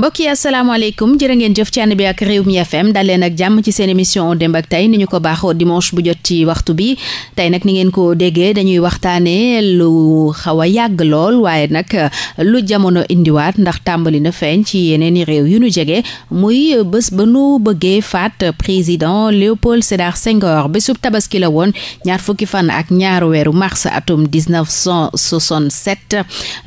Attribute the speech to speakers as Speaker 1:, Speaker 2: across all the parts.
Speaker 1: mbokk yi asalaamaaleykum jërë ngeen jëf ci ànd bi ak réew mi FM dal leen ak jàmm ci seen émission démb ak tey ni ñu ko baaxoo dimanche bu jot ci waxtu bi tey nag ni ngeen ko déggee dañuy waxtaanee lu xaw a yàgg lool waaye nag lu jamono indiwaat ndax tàmbali na feeñ ci yeneen i réew yu ñu jege muy bés ba nu bëggee faat président Léopold Sédar Senghor bésub tabaski la woon ñaar fukki fan ak ñaaru weeru mars atum 1967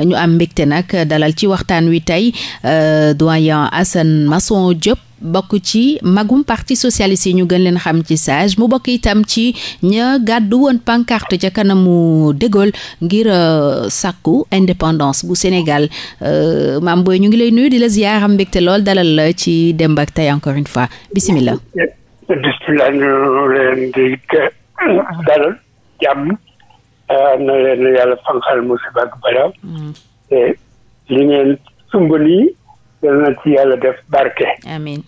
Speaker 1: ñu am mbégte nag dalal ci waxtaan wi tey. Euh, doyen Assane Masson Diop bokk ci magum parti socialiste yi ñu gën leen xam ci sage mu bokk itam ci ña gàddu woon pancarte ca kanamu De ngir ngir euh, sàkku indépendance bu Sénégal euh, Mame Boye ñu ngi lay nuyu di la ziar am mbégte lool dalal la ci Demb ak Tay encore une fois bisimilah.
Speaker 2: bisimilah ñu leen di dalal jàmm euh, na leen yàlla fanqal musiba ak balaa. Mm. te li ngeen sumb nii yal na ci yàlla def barke. amiin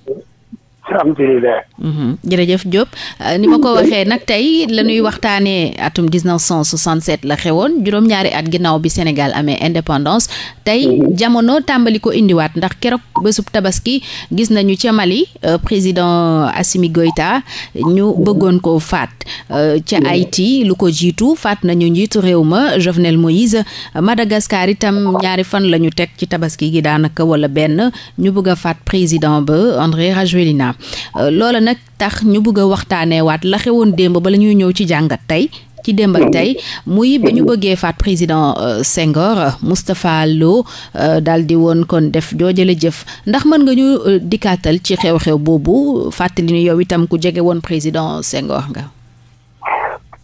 Speaker 2: alhamdulilah. Mhm.
Speaker 1: jërëjëf Diop euh, ni ma ko waxee nag tey la ñuy waxtaanee atum 1967 la xewoon juróom-ñaari at ginnaaw bi Sénégal amee indépendance tey mhm. jamono tàmbali ko indiwaat ndax keroog bésub tabaski gis nañu ca Mali euh, président Assimi Goïta ñu bëggoon ko faat euh, ca mhm. Haïti lu ko jiitu faat nañu njiitu réew ma Jovenel Moïse Madagascar itam ñaari fan la ñu teg ci tabaski gi daanaka wala benn ñu bëgg a faat président ba André Rajoelina Touba euh, loola nag tax ñu bugg a waxtaanee waat la xewoon démb bala ñuy ñëw ci jàngat tey ci démb ak tey mu ba ñu bëggee faat président euh, Senghor Moustapha Lo euh, daal di woon kon def joojale jëf ndax mën nga ñu dikkaatal ci xew-xew boobu fàttali ni yow itam ku jege woon président Senghor nga.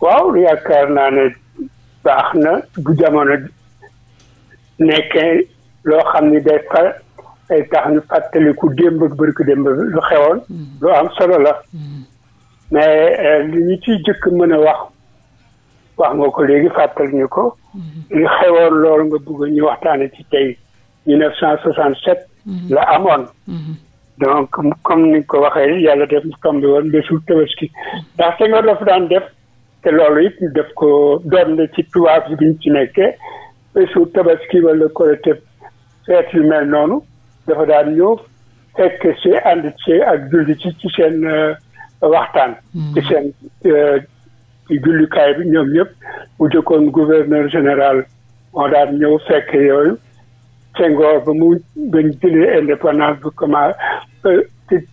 Speaker 2: waaw yaakaar naa ne baax na bu jamono nekkee loo xam ni day day tax ñu fàttaliku démb ak bërki démb lu xewoon lu am solo la mais euh, li ñu ciy jëkk mën a wax wax nga ko léegi fàttal ko li xewoon loolu nga bëgg ñu waxtaane ci tey 1967 la amoon donc comme ni ko waxee yàlla def mu tombé woon bésul tabaski ndax te nga dafa daan def te loolu it def ko doon na ci tubaab bi ñu ci nekkee bésul tabaski wala korité feet yu mel noonu dafa daan ñëw fekk si ànd ci ak julli ci ci seen euh, waxtaan hmm. ci seen euh, jullikaay bi ñoom ñëpp bu jëkkoon gouverneur général moo daan ñëw fekk yooyu Senghor ba mu bañ jëlee comment euh,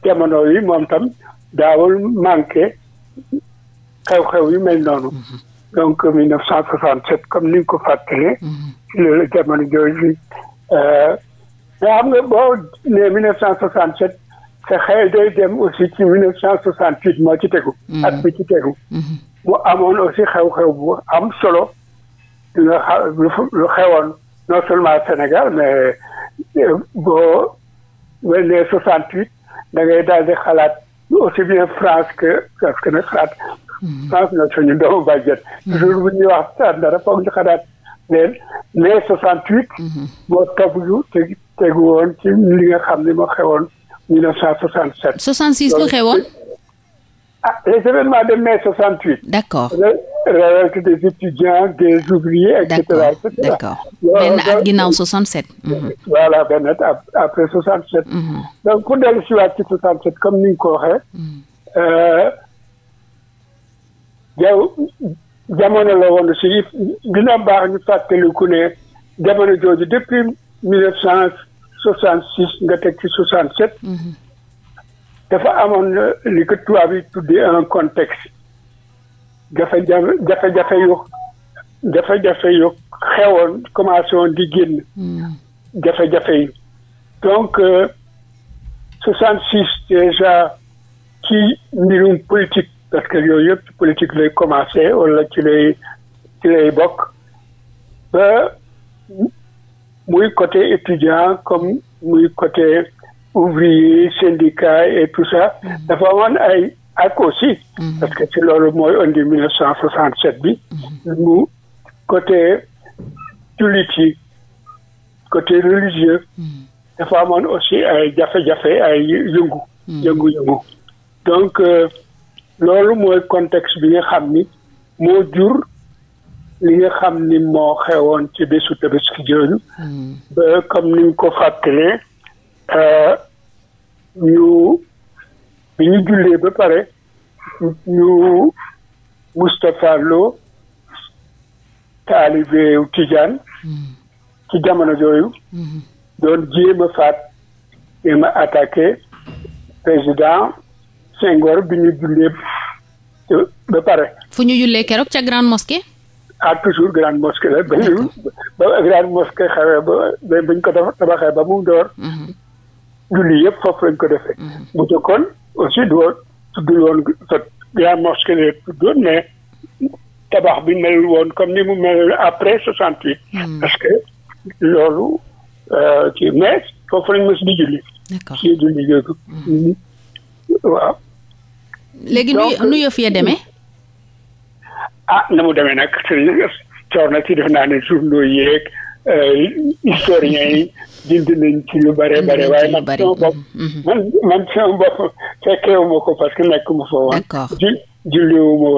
Speaker 2: jamono yi moom tam daawul manqué xew-xew yu mel noonu hmm. donc mille neuf cent soixante sept comme ni nga ko fàttalee hmm. ci la jamono mais xam nga boo nee 1967 sa xel day dem aussi ci 1968 moo ci tegu. Mm. at bi ci tegu. Mm-hmm. mu amoon aussi xew-xew bu am solo nga lu xewoon non seulement Sénégal mais euh, boo nee 68 da ngay daal di xalaat aussi bien France que parce que xalaat. Mm-hmm. France na suñu doomu bàjjen. Mm-hmm. toujours bu ñuy wax dara foog ñu xalaat leen mais 68. moo topp ñu te. tegu woon ci li nga xam ne moo xewoon 1967. 66 lu xewoon. ah les événements de mai 68. d' accord révolte des étudiants des ouvriers et cetera et cetera. d' accord mhm. benn at mhm. donc pour dellu si waat ci 67 comme ni nga ko waxee. Mhm. Euh, la woon si dina baax ñu fàttaliku ne jamono jooju depuis mille neuf cent soixante six nga teg ci soixante sept dafa amoon li ko tubaab yi tuddee un contexte jafe-jafe jafe-jafe yu jafe-jafe yu xewoon commencé woon di jafe-jafe donc euh, soixante six déjà ci mbirum politique parce que yooyu yëpp politique lay commencé wala ci lay ci lay bokk muy côté étudiant comme muy côté ouvrier syndicat et tout ça dafa amoon ay ak aussi mhm. parce que ci loolu mooy indi mille neuf cent soixante sept bi mhm. mu côté jullit côté religieux mhm. dafa amoon aussi ay jafe-jafe ay yëngu yëngu-yëngu donc euh, loolu mooy contexte bi nga xam ni moo jur li nga xam ni moo xewoon ci bésu tabaski jooju ba comme niñ ko fàttalee euh, ñu bi ñu jullee ba pare ñu Moustapha Lo taalibeew Tijaan ci jamono jooyu doon jéem a faat jéem a attaqué président Senghor bi ñu jullee ba pare
Speaker 1: fu ñu jullee keroog ca grande mosquée
Speaker 2: ah toujours grande mosquée la ba ñu ba grande mosquée xawee ba bañ ko defar tabaxee ba mu door. Mhm. julli yëpp foofu lañ ko defee. bu mhm. jëkkoon aussi du woon tuddul woon grande mosquée la tuddoon mais tabax bi melul woon comme ni mu mel après soixante huit. Mhm. parce que loolu euh, ci mais foofu lañ mos di julli. d'accord si julli yooyu. nu yëf ya demee. ah na mu demee nag sëriñ coor na ci def naa ne journaux yeeg euh, historiens yi dindi nañ ci lu bare bare waaye man sama mhm, mhm, mhm. man man sama ko parce que nekk mu fa woon julliwuma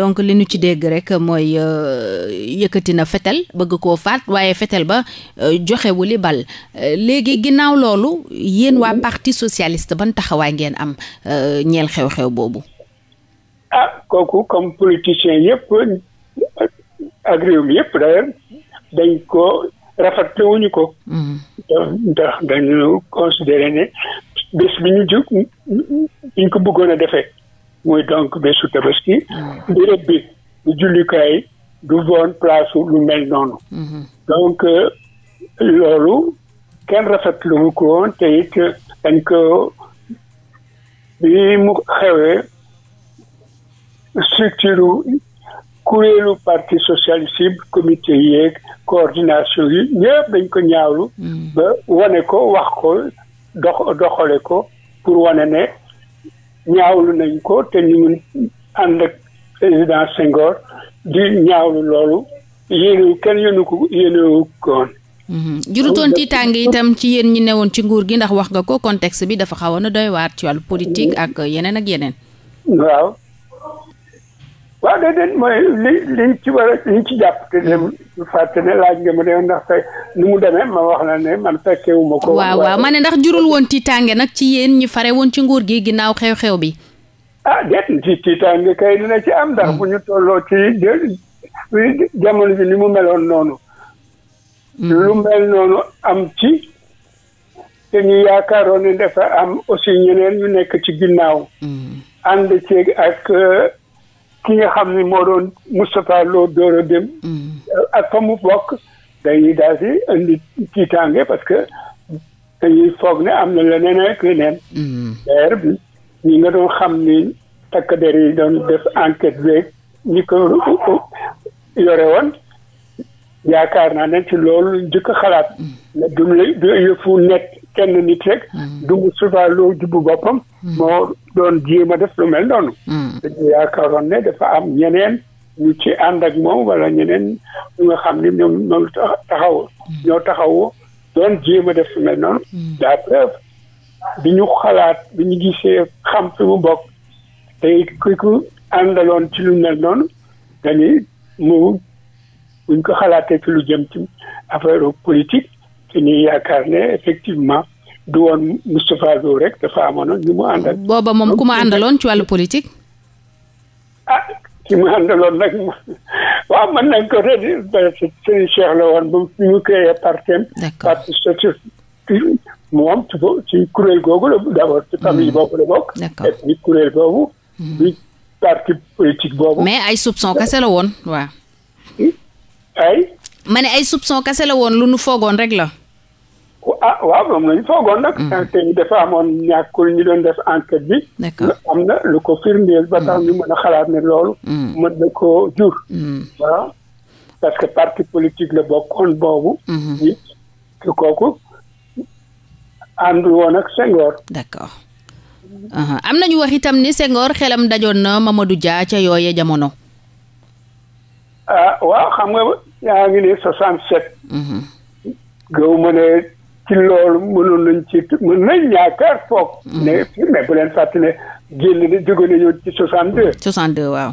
Speaker 1: donc li nu ci dégg rek mooy euh, yëkkati na fetal bëgg koo faat waaye fetel ba euh, joxewu li bal léegi ginnaaw loolu yéen waa parti socialiste ban taxawaay ngeen am ñeel xew-xew boobu
Speaker 2: ah kooku comme politicien yëpp ak réew mi yëpp d'ailleurs ko rafetlu wuñu ko. Mm-hmm. Euh, ndax dañu considéré ne bés bi ñu jug ñu ko bëggoon a defee muy donc bésu tabaski. Mm-hmm. béréb bi du jullikaay du woon place lu mel noonu. Mm-hmm. donc euh, loolu kenn rafetlu wu ko woon dañ ko bi mu xewee. structure kuréelu parti socialiste yi comité yeeg coordination yi ñëpp dañ ko ñaawlu hmm. ba wane ko wax ko dox doxale ko pour wane ne ñaawlu nañ ko te ñu ngi ànd ak président Senghor di ñaawlu loolu yéen kenn yéenu ko yéenewu ko woon hmm. jurutoon
Speaker 1: tiitaange itam ci yéen ñi newoon ci nguur gi ndax wax nga ko contexte bi dafa xawoon a doy waar ci wàllu politique ak yeneen ak yeneen
Speaker 2: waaw waaw déedéet mooy li liñ ci war a liñ ci jàpp te dem hmm. fàtte ne laaj nga ma ne ndax fay nu mu demee ma wax la ne ma fekkewuma ko waaw waaw ma ne
Speaker 1: ndax jurul woon tiitaange nag ci yéen ñi fare woon ci nguur gi ginnaaw xew-xew bi
Speaker 2: ah déet ci tiitaange kay dina ci am ndax hmm. bu ñu tolloo ci jamono ji ni mu meloon noonu hmm. lu mel noonu am ci te ñu yaakaaroon ne dafa am aussi ñeneen ñu nekk ci ginnaaw ànd ci ak ki nga xam ni moo doon Moustapha Lo door a dem. Mm. ak fa mu bokk dañuy daal di indi tiitaange parce que dañuy foog ni am na leneen ak leneen. d'ailleurs mm. bi nga doon xam ni takk der yi doon def enquête beeg ñi ko yore woon yaakaar naa ne ci loolu njëkk xalaat. Mm. du du yëfu nekk. kenn nit rek. Mm. du mu sutaaloo jubbu boppam. Mm. moo doon jéem a def lu mel noonu. dañu mm. yaakaaroon ne dafa am ñeneen ñu ci ànd ak moom wala ñeneen ñu nga xam ne ñoom ñoo taxaw ñoo taxaw doon jéem a def lu mel noonu. ñu xalaat bi gisee xam fi mu bokk ci lu mel noonu dañuy mu buñ ko xalaatee ci lu jëm ci affaire politique. te ñuy yaakaar ne effectivement du woon Moustapha Lo rek dafa amoon ñu mu àndal.
Speaker 1: booba moom ku ma àndaloon ci wàllu politique.
Speaker 2: ah ci mu àndaloon waaw mën nañ ko rëdd ba ñu créé partem. d'accord moom ci ci kuréel googu la d'abord ci famille hmm. boobu la bokk. d'accord hmm. boobu. mais ay soupçon kese la
Speaker 1: woon waaw. Hmm? ay. ma ne ay soupçon kese la woon lu nu foogoon rek la.
Speaker 2: ah waaw moom la ñu foogoon nag. Mm. te ñu dafa amoon ñàkkul ñu doon def enquête bi. am na lu ko firndeel ba tax mm. ñu mën a xalaat ne loolu. Mm. mën na ko jur. waaw parce que parti politique la bokkoon boobu. nit mm-hmm. ki kooku àndul woon ak Senghor. d'accord
Speaker 1: uh-huh. am nañu wax itam ni Senghor xelam dajoon na Mamadou Dia ca yooye jamono.
Speaker 2: ah waaw xam nga yaa ngi ne 67. Mm-hmm. gëw ma ci loolu mënoon nañ ci mën nañ yaakaar foog. ne mm. mais bu leen fàttali ne génn na jóge nañu ci 62. 62 waaw.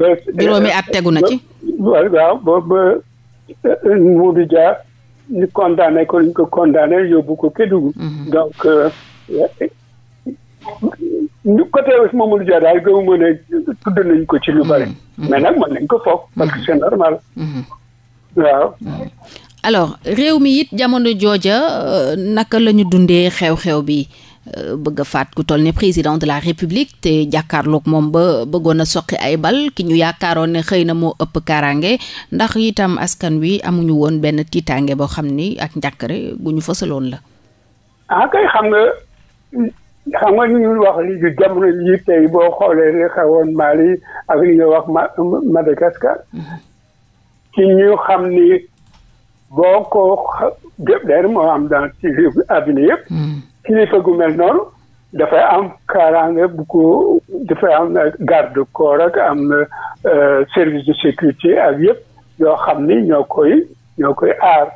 Speaker 2: ba juróomi euh, at tegu na ci. waaw ba ba euh, Modou Dia ñu condamné ko ñu ko condamné yóbbu ko Kédougou. Mm-hmm. donc euh, ñu côté Mamadou Dia daal gëmuma ne tudd nañ ko ci lu bari. Mm-hmm. mais nag mën nañ ko foog. parce que mm-hmm. c'est normal. waaw.
Speaker 1: alors réew mi it jamono jooja euh, naka la ñu dundee xew-xew bi euh, bëgg a faat ku toll ne président de la république te jàkkaarloog moom ba bëggoon a soqi ay bal ki ñu yaakaaroon ne xëy na moo ëpp karaange ndax itam askan wi amuñu woon benn tiitaange boo xam ni ak njàkkare gu ñu fësaloon la.
Speaker 2: ah wax lii di boo xoolee li mhm. ñu xam ni. boo ko der moo am dans ci avenue yëpp hmm. kilifa gu mel noonu dafay am kaaraange bu ko dafay am na garde corps ak am na euh, service de sécurité ak yëpp yoo xam ni ñoo koy ñoo koy aar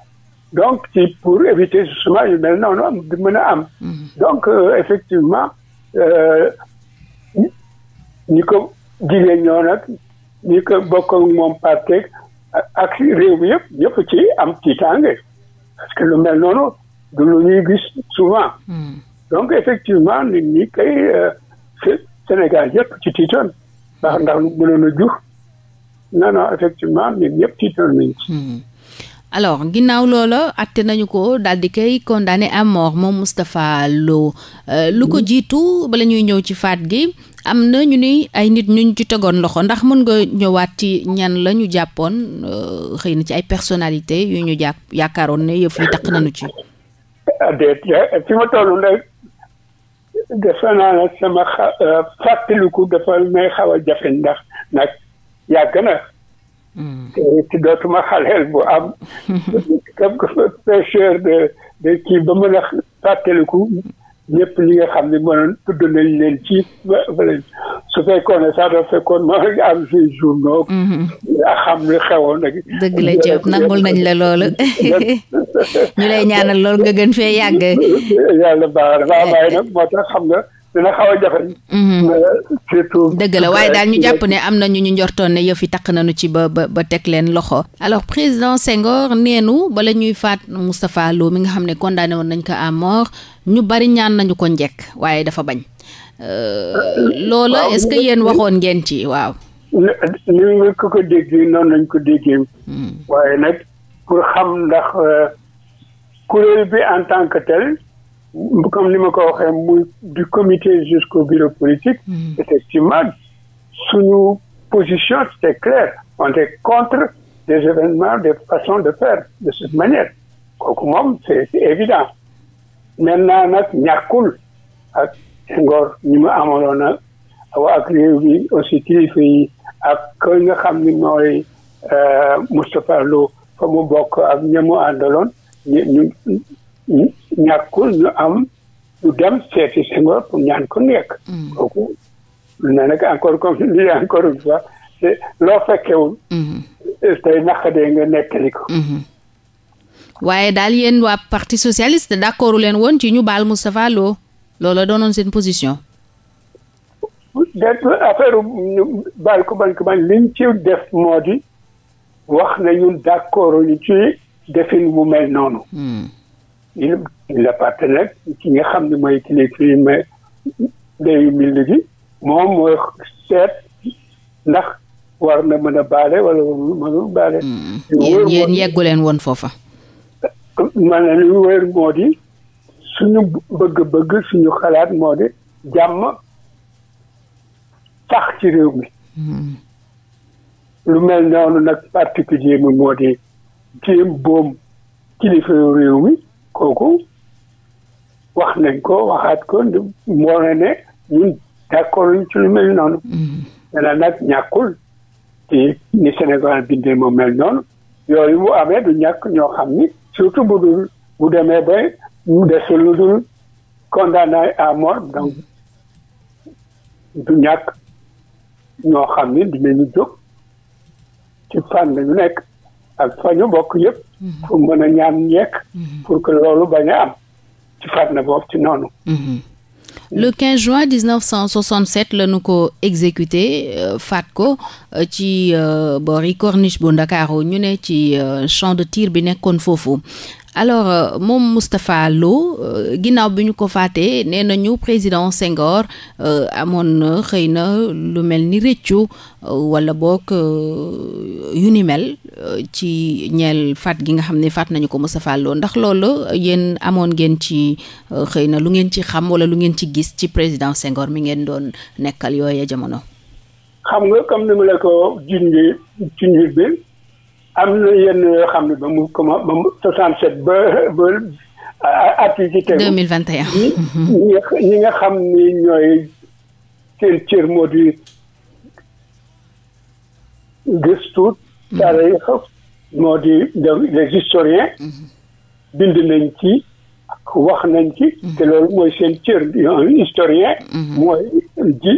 Speaker 2: donc ci pour éviter justement yu mel noonu am di mën a am hmm. donc euh, effectivement euh, ñi ko jigéen ñoo nag ko bokk moom parteeg ak réew mi yëpp ñëpp ci am tiitaange parce que lu mel noonu du lu ñuy gis souvent hmm. donc effectivement ni ñi kay euh, Sénégal yëpp ci tiitoon ndax ndax mënoon a jur effectivement ni ñëpp tiitoon nañ
Speaker 1: alors ginnaaw loola atte nañu ko daal di koy condamné à mort moom Moustapha Lo euh, lu ko jiitu bala ñuy ñëw ci faat gi am na ñu ni ay nit ñu ci tegoon loxo ndax mën nga ñëwaat ci ñan lañu ñu jàppoon euh, xëy na ci ay personnalité yu ñu jàpp yaakaaroon ne yëf yi taq nañu ci.
Speaker 2: Ah, déet ma toll rek defe naa ne sama euh, fàttaliku dafa may xaw a ndax nag yàgg na. te it dootuma xaleel bu am. comme que de de kii ba mën a fàttaliku ñëpp li nga xam ne mënoon tudd nañ leen ci su fekkoon ne sax dafa fekkoon ma am si journaux. Mhm. a xam li xewoon nag. dëgg la Diop nangul nañ la loolu.
Speaker 1: ñu lay ñaanal loolu nga gën fee yàgg.
Speaker 2: yàlla baax na waaw waaye nag moo tax xam nga. dina xaw a jafe. Mhm. surtout. dëgg la waaye daal ñu jàpp
Speaker 1: ne am na ñu ñu njortoon ne yëf yi takk nañu ci ba ba teg leen loxo. alors président Senghor neenu bala ñuy faat Moustapha Lo mi nga xam ne condamné woon nañ ko à mort ñu bari ñaan nañu ko njekk waaye dafa bañ.
Speaker 2: Euh, loola est-ce que yéen waxoon
Speaker 1: ngeen ci waaw.
Speaker 2: ni nga ko ko déggee noonu lañ ko déggee. Hmm. waaye nag pour xam ndax euh, kuréel bi en tant que tel. comme ni ma ko waxee muy du comité jusqu'au bureau politique mm-hmm. effectivement suñu position c'est clair on est contre des événements des façons de faire de cette manière kooku moom c'est évident maintenant nag ñàkkul ak ngoor ñi mu amaloon a awa ak réew aussi kilifa yi ak ko nga xam ni mooy euh, Moustapha Lo fa mu bokk ak ñamu àndaloon ñàkkul ñu am ñu dem seeti Senghor pour ñaan ko nekk mm. encore comme loo fekkewul mm-hmm. tey naqadee nga nekkali ko mm-hmm.
Speaker 1: waaye daal yéen waa parti socialiste d'accordu leen woon ci ñu baal Moustapha Lo loolu doonoon seen position
Speaker 2: def affaire ñu baal ko bañ ko bañ liñ ci def moo di wax na ñun ci defin mu mel noonu mm. il appartient rek ki nga xam ni mooy ki nekk fii mais dayu mbind gi moom mooy seet ndax war na mën a baale wala mënul baale. Mm. yéen yéen
Speaker 1: yeggu leen woon foofa.
Speaker 2: maanaam li wér moo di suñu bëgg-bëgg suñu xalaat moo di jàmm sax ci réew mi. Mm. lu mel noonu nag particulier mi moo di jéem boom kilifa réew mi. kooku wax nañ ko waxaat ko moo ne ne ñun d'accord ci lu mel noonu. Mm-hmm. dana nag ñàkkul ci ni Sénégal bindee moo mel noonu yooyu bu amee du ñàkk ñoo xam ni surtout bu dul demee ba mu desul lu dul condamné à mort donc du ñàkk ñoo xam ni dinañu jóg ci fànn ñu nekk. ak fa ñu bokk yëpp mhm. pour mën a ñaan ñekk mhm. pour que loolu bañ a am ci fànn boobu ci noonu
Speaker 3: mhm.
Speaker 1: le 15 juin 1967 la ko exécuté euh, faat ko euh, ci euh, boori corniche bu Ndakaaru ñu ne ci euh, champ de tir bi nekkoon foofu alors euh, moom Moustapha Lo euh, ginnaaw bi ñu ko faatee nee nañu président Senghor euh, amoon xëy na lu mel ni rëccu wala boog yu ni mel ci ñeel faat gi nga xam ne faat nañu ko Moustapha Lo ndax loolu yéen amoon ngeen ci xëy na lu ngeen ci xam wala lu ngeen ci gis ci président Senghor mi ngeen doon nekkal yooya jamono.
Speaker 2: xam nga comme ni mu la ko junjee ci bi. am na yenn yoo xam ne ba mu comment ba mu 67 ba ba at yi ci tegu.
Speaker 1: 2021.
Speaker 2: ñi nga ñi nga xam ni ñooy seen cër moo di gëstu. dara yi moo di les historiens. Mm-hmm. bind nañ ci. wax nañ ci mm-hmm. te loolu mooy seen cër historien mm-hmm. mooy di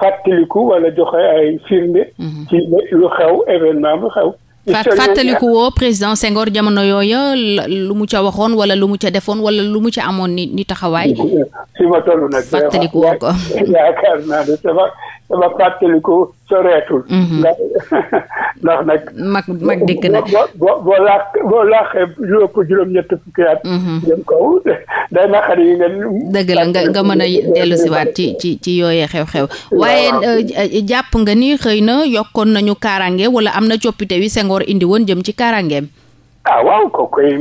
Speaker 2: fàttaliku wala joxe ay firnde ci lu xew événement bu xew fàttaliku
Speaker 1: woo président Senghor jamono yooya lu mu ca waxoon wala lu mu ca defoon wala lu mu ca amoon ni ni taxawaay.
Speaker 2: fi ma toll nag. fàttaliku ko. sama fàttaliku soreetul. Mhm. ndax nag.
Speaker 1: mag mag dikk na boo
Speaker 2: boo boo laax boo laaxee juróom-ñett fukki mhm. day na yi nga.
Speaker 1: dëgg la nga nga mën a ci ci ci yooyee xew-xew. waaye euh, jàpp nga ni xëy na yokkoon nañu kaarange wala am na coppite wi Senghor indi woon jëm ci kaaraangeem.
Speaker 2: ah waaw ko koy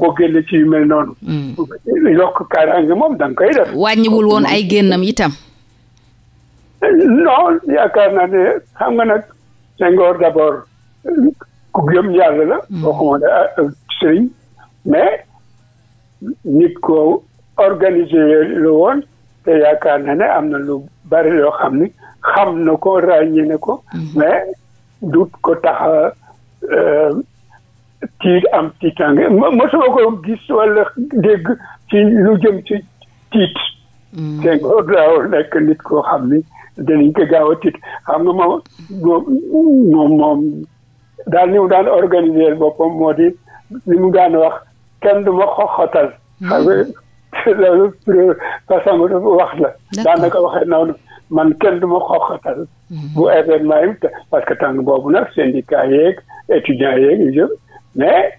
Speaker 2: boo génne ci yu mel noonu. Mm. yokk kaaraange wàññiwul woon ay génnam itam. non yakaar naa ne xam nga nag Senghor d'abord ku gëm yàlla la waxuma mm. ne euh, sëriñ mais nit ko organisé la woon te yaakaar na ne am na lu bari loo xam ni xam na ko ràññee ne ko mm-hmm. mais du ko taxa tiit euh, am tiitange mosuma ko gis wala dégg ci lu jëm ci tiit mm. Senghor daaw nekk nit ko xam ni danañ ko gaaw a tiit xam nga moom moom moom daal ni mu organiser boppam moo di li mu daan wax kenn du ma xoxotal xam nga loolu façon wax la daanaka waxee noonu man kenn du ma xoxotal mhm. bu événement yi parce que tàng boobu nag syndicat yeeg étudiant yeeg mais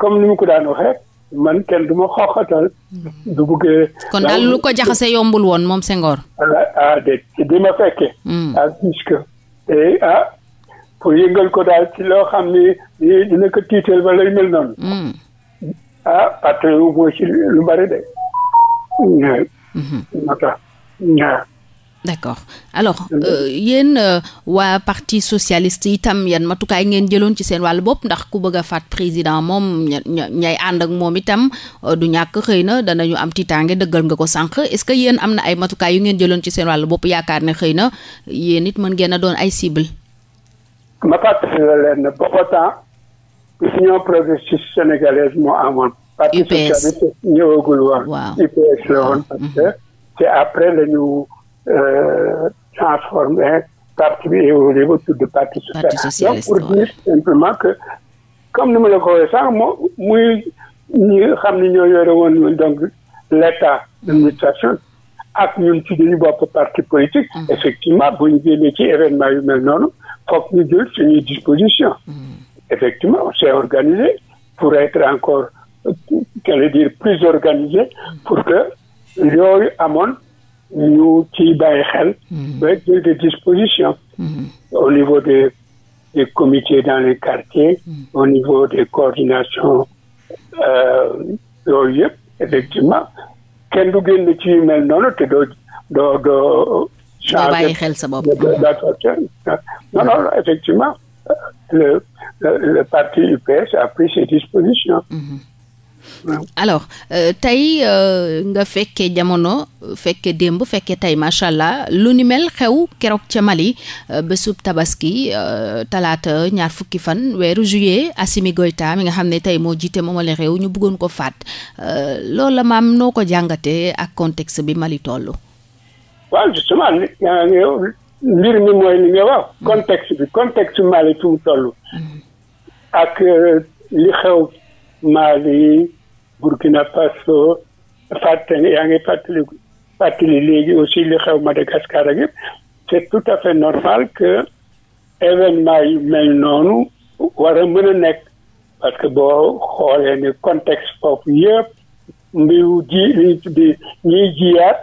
Speaker 2: comme ni mu ko daan waxee man kenn du ma xoxatal mm-hmm. du buggee. kon daal lu ko jaxase yombul woon moom Senghor. ah, ah de ma fekkee. Mm. ah puisque eh, ah, pour yëngal ko daal ci loo xam ni dina ko tiital ba lay mel noonu. Mm. ah parce que moo ci lu bari de. Mm-hmm. moo d'accord
Speaker 1: alors euh, yéen euh, waa parti socialiste itam yan matukaay ngeen jëloon ci seen wàllu bopp ndax ku bëgg a faat président moom ñay ànd ak moom itam euh, du ñàkk xëy na danañu am tiitaange dëggal nga ko sànq est-ce que yéen am na ay matukaay yu ngeen jëloon ci seen wàll bopp yaakaar ne xëy na yéen it mën ngeen a doon ay cible
Speaker 2: ma fàttali la leen ne temps union progressiste sénégalaise moo amoon la woon ah, mhm. après lañu transformé parti bi au niveau de parti social donc pour dire simplement que comme ni ma la ko waxee sax moom muy ñi xam ne ñoo yore woon donc l' état d' administration ak ñun ci dañu bopp parti politique effectivement bu ñu génnee ci événement yu mel noonu foog ñu jël suñuy disposition effectivement on s'est organisé pour être encore qu'allais dire plus organisé pour que yooyu amoon ñu ciy bàyyi xel. Mm-hmm. ba jël des mm-hmm. au niveau des des comités dans les quartiers. Mm-hmm. au niveau des coordinations euh, yooyu yëpp effectivement kenn du génn ci yu mel noonu te doo doo doo. xel sa non non effectivement le parti UPS a pris ses dispositions.
Speaker 1: alors euh, tey euh, nga fekkee jamono fekke démb fekke tey macha allah lu ni mel xew keroog ca Mali euh, bésub tabaski talaata ñaar fukki fan weeru juillet Assimi Goïta mi nga xam ne tey moo jiite moomale réew ñu buggoon ko faat loolu la maam noo ko jàngatee ak contexte bi Mali tollu
Speaker 2: waaw justement mbir mi mooy li nga wax mm. contexte bi contexte Mali fu mu mm. ak li xew Mali Burkina Faso fàttali yaa ngi fàttali fàttali léegi aussi li xew Madagascar ak yëpp c'est tout à fait normal que événement yu mel noonu war mën a nekk parce que boo xoolee ni contexte foofu yëpp mbiru ji li ñu tuddee ñiy jiyaat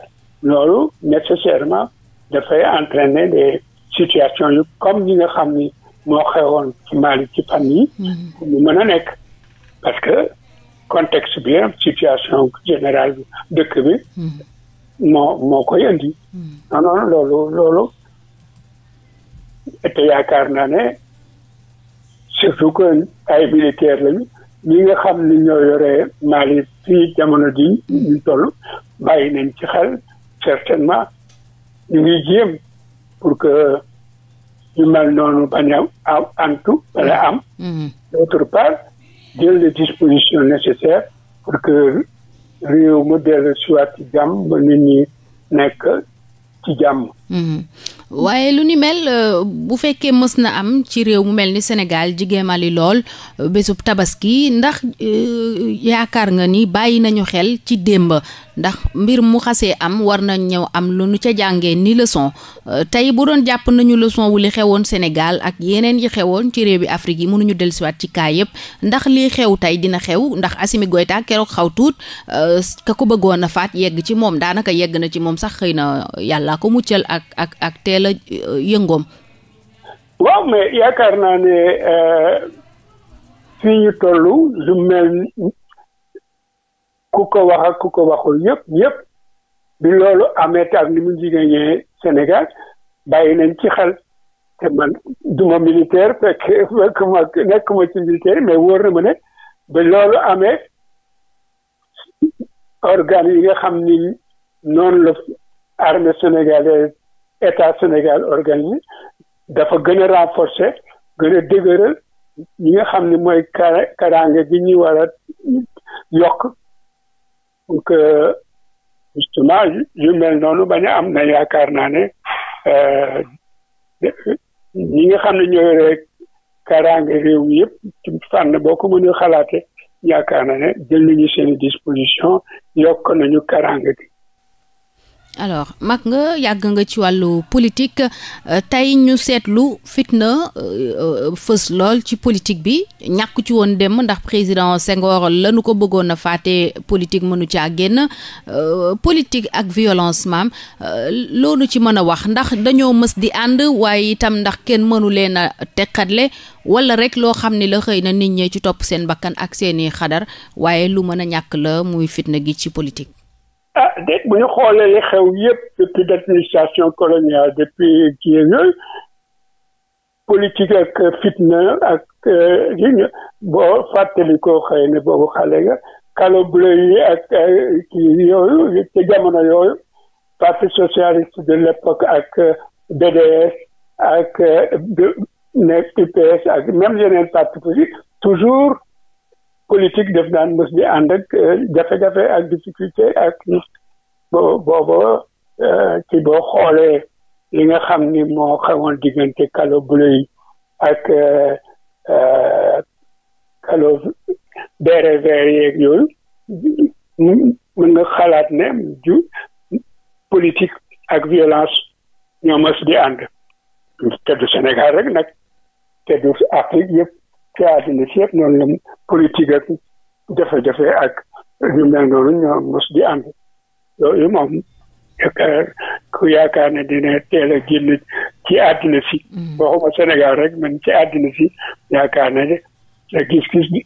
Speaker 2: loolu nécessairement dafay entraîner des situations yu comme ñi nga xam ni moo xewoon ci Mali ci fan mm-hmm. mu mën a nekk parce que contexte bien ak ah, situation générale dëkk bi mhm. moo moo koy indi mhm. non non loolu loolu te yaakaar naa ne surtout que ay lañu ñi nga xam ni ñoo yore Mali fii jamono ji ñu toll bàyyi ci xal certainement ñu ngi jéem pour que ñu mel noonu bañ a antu wala am mhm. d'autre part jël les dispositions nécessaires pour que réew mu dellu soit ci jàmm ba nit ñi nekk ci jàmm
Speaker 1: mm-hmm. waaye lu ni mel euh, bu fekkee mës na am ci réew mu mel ni Sénégal jigéemali lool euh, bésub tabaski ndax euh, yaakaar nga ni bàyyi nañu xel ci démb ndax mbir mu xasee am war nañ ñëw am lu nu ca jàngee ni leçon tey bu doon jàpp nañu leçon wu li xewoon Sénégal ak yeneen yi xewoon ci réew bi Afrique yi mënuñu dellusiwaat ci kaa yëpp ndax li xew tey dina xew ndax Assimi Goïta keroog xaw tuut ka ko bëggoon a faat yegg ci moom daanaka yegg na ci moom sax xëy na yàllaa ko muccal ak ak ak la uh, yëngoom
Speaker 2: waaw mais yaakaar naa ne euh, fii ñu toll lu mel ku ko wax ku ko waxul yëpp yëpp bi loolu amee ak ni mu jigéeñee Sénégal bàyyi nañ ci xel te man duma militaire fekk fekk ma nekk ma ci militaire mais wóor na ma ne ba loolu amee organes yi nga xam ni noonu la armée sénégalaise état Sénégal organisé dafa gën a renforcer gën a dëgëral ñi nga xam ni mooy kara karange bi ñuy war a yokk donc euh, justement yu mel noonu bañ a am na yaakaar naa ne euh, ñi nga xam ne ñoo yore karange réew mi yëpp fànn boo ko mën xalaate yaakaar naa ne jël nañu seen disposition yokk nañu karange bi
Speaker 1: alors mag nga yàgg nga ci wàllu politique euh, tey ñu seetlu fitna euh, euh, fës lool ci politique bi ñàkk ci woon dem ndax président Senghor lanu ko bëggoon a faate politique mënu caa génn politique ak violence maam loolu ci mën a wax ndax dañoo mës di ànd waaye itam ndax kenn mënu leen a teqatle wala rek loo xam ni la xëy na nit ñee ci topp seen bakkan ak seeni xadar waaye lu mën a ñàkk la muy fitna gi ci politique.
Speaker 2: ah bu ñu xoolee li xew yépp depuis l'administration coloniale depuis kii yooyu politique ak fitna ak euh, li ñu boo fàttali ko xëy na boobu xale ya kalo bleu yi ak euh, kii yooyu ci jamono yooyu parti socialiste de l'époque ak euh, BDS ak nekk UPS ak même yeneen parti politique toujours politique def daan mës di ànd ak euh, jafe-jafe ak difficulté ak bo booba euh, ci boo xoolee li nga xam ni moo xawoon diggante kalo buley ak kalo beere veer yeeg yooyu mën nga xalaat ne ju ak violence ñoo mës di ànd te Sénégal rek nag te Afrique yëpp ci àddina si yëpp noonu la politique ak jafe-jafe ak ñu mel noonu ñoo mos di ànd yooyu moom ku yaakaar ne dina teel a génn ci àddina si mm. waxuma Sénégal rek man ci àddina si yaakaar ne sa gis-gis bi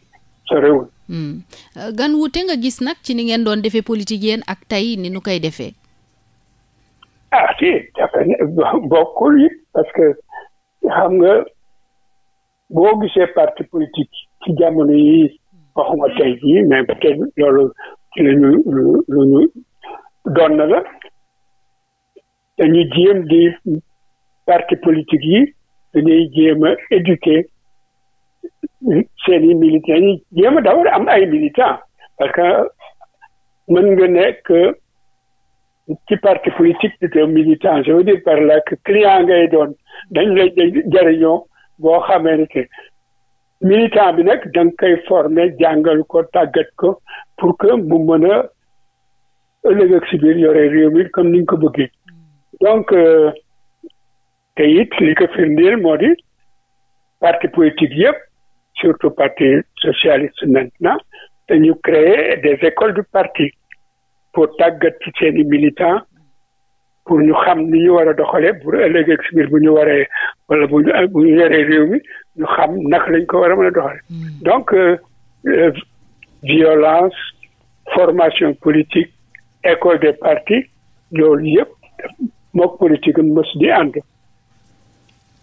Speaker 2: sa réewul mm.
Speaker 1: euh, gan wute nga gis nag ci ni ngeen doon defee politique yéen ak tey ni nu koy defee
Speaker 2: ah si bokkul yi parce que xam boo gisee parti politique ci jamono yi waxuma tey jii mais loolu ci la ñu lu ñu doon na la dañuy jéem di parti politique yi dañuy jéem a éduquer seen i militants am ay militants parce que mën nga nekk ci parti politique di militant je veux dire par là que client ngay doon dañ lay jariñoo boo xamante militant bi nag da nga koy former jàngal ko tàggat ko pour que mu mën a ëllëg ak si biir yore réew mi comme ni ñu ko bëggee donc euh, te it li ko firndeel moo di parti politique yëpp surtout parti socialiste maintenant dañu créer des écoles du parti pour tàggat ci seeni militants pour ñu xam ni ñu war a doxalee pour ëllëgee si biir bu ñu waree wala bu ñu bu ñu yoree réew mi ñu xam nax lañ ko war a mën a doxalee. Mm. donc euh, euh, violence formation politique école des partis loolu yëpp mook politique mës di ànd.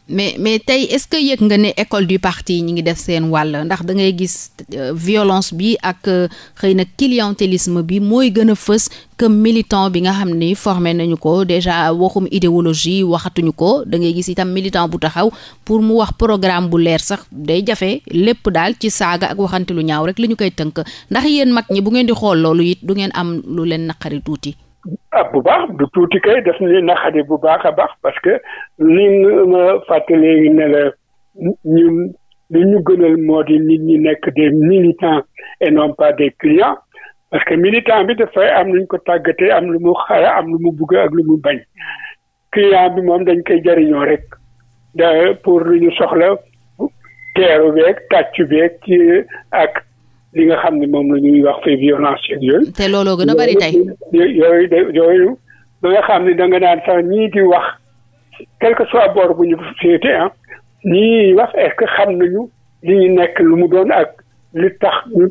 Speaker 1: mais mais tey est-ce que yëg nga ne école du parti ñi ngi def seen wàll ndax dangay gis euh, violence bi ak euh, xëy na clientélisme bi mooy gën a fës comme militant bi nga xam ni formé nañu ko déjà waxum idéologie waxatuñu ko da ngay gis itam militant bu taxaw pour mu wax programme bu leer sax day jafe lépp daal ci saaga ak waxante lu ñaaw rek li ñu koy tënk ndax yéen mag ñi bu ngeen di xool loolu it du ngeen am lu leen naqari tuuti.
Speaker 2: ah bu baax du tuuti kay def ni naqari bu baax a baax parce que li ma fàttali ne la ñun li ñu gënal moo di nit ñi nekk des militants et non pas des clients parce que militant bi dafay am lu ñu ko tàggatee am lu mu xara am lu mu bugg ak lu mu bañ client bi moom dañ koy jariñoo rek pour lu ñu soxla teeru beeg tàccu beeg ci ak li nga xam ne moom la ñuy wax fi violence yeeg yooyu. te looloo gën a bari tey. yooyu yooyu ba nga xam ne danga nga daan sax ñii di wax quel que soit bor bu ñu féete ah ñii wax est-ce que xam nañu li ñu nekk lu mu doon ak li tax ñu